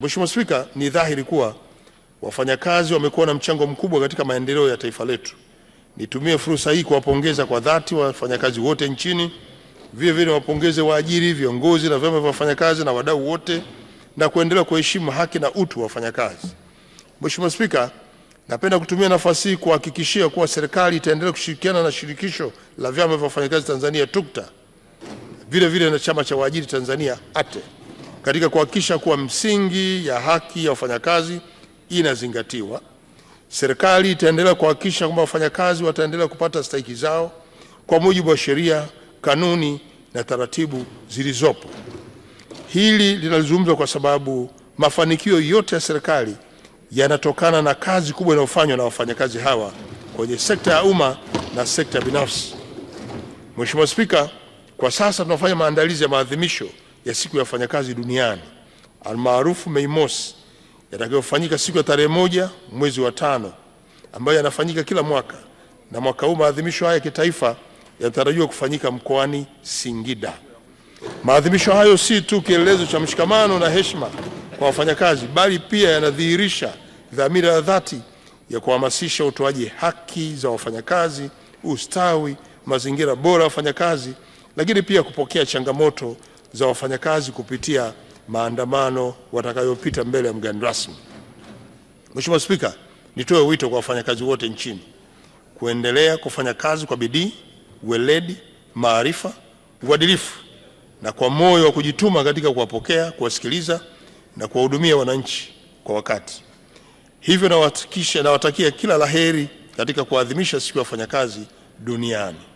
Mheshimiwa Spika, ni dhahiri kuwa wafanyakazi wamekuwa na mchango mkubwa katika maendeleo ya taifa letu. Nitumie fursa hii kuwapongeza kwa dhati wafanyakazi wote nchini. Vile vile wapongeze waajiri, viongozi na vyama vya wafanyakazi na wadau wote na kuendelea kuheshimu haki na utu wa wafanyakazi. Mheshimiwa Spika, napenda kutumia nafasi hii kuhakikishia kuwa serikali itaendelea kushirikiana na shirikisho la vyama vya wafanyakazi Tanzania tukta vile vile na chama cha waajiri Tanzania ATE katika kuhakikisha kuwa msingi ya haki ya wafanyakazi inazingatiwa. Serikali itaendelea kuhakikisha kwamba wafanyakazi wataendelea kupata stahiki zao kwa mujibu wa sheria, kanuni na taratibu zilizopo. Hili linazungumzwa kwa sababu mafanikio yote ya serikali yanatokana na kazi kubwa inayofanywa na wafanyakazi hawa kwenye sekta ya umma na sekta binafsi. Mheshimiwa Spika, kwa sasa tunafanya maandalizi ya maadhimisho ya siku ya wafanyakazi duniani almaarufu Mei Mosi yatakayofanyika siku ya tarehe moja mwezi wa tano ambayo yanafanyika kila mwaka, na mwaka huu maadhimisho haya ya kitaifa yanatarajiwa kufanyika mkoani Singida. Maadhimisho hayo si tu kielelezo cha mshikamano na heshima kwa wafanyakazi, bali pia yanadhihirisha dhamira ya dhati ya kuhamasisha utoaji haki za wafanyakazi, ustawi, mazingira bora ya wafanyakazi, lakini pia kupokea changamoto za wafanyakazi kupitia maandamano watakayopita mbele ya mgeni rasmi. Mheshimiwa Spika, nitoe wito kwa wafanyakazi wote nchini kuendelea kufanya kazi kwa bidii, weledi, maarifa, uadilifu na kwa moyo wa kujituma katika kuwapokea, kuwasikiliza na kuwahudumia wananchi kwa wakati. Hivyo nawatakia kila laheri katika kuadhimisha siku ya wafanyakazi duniani.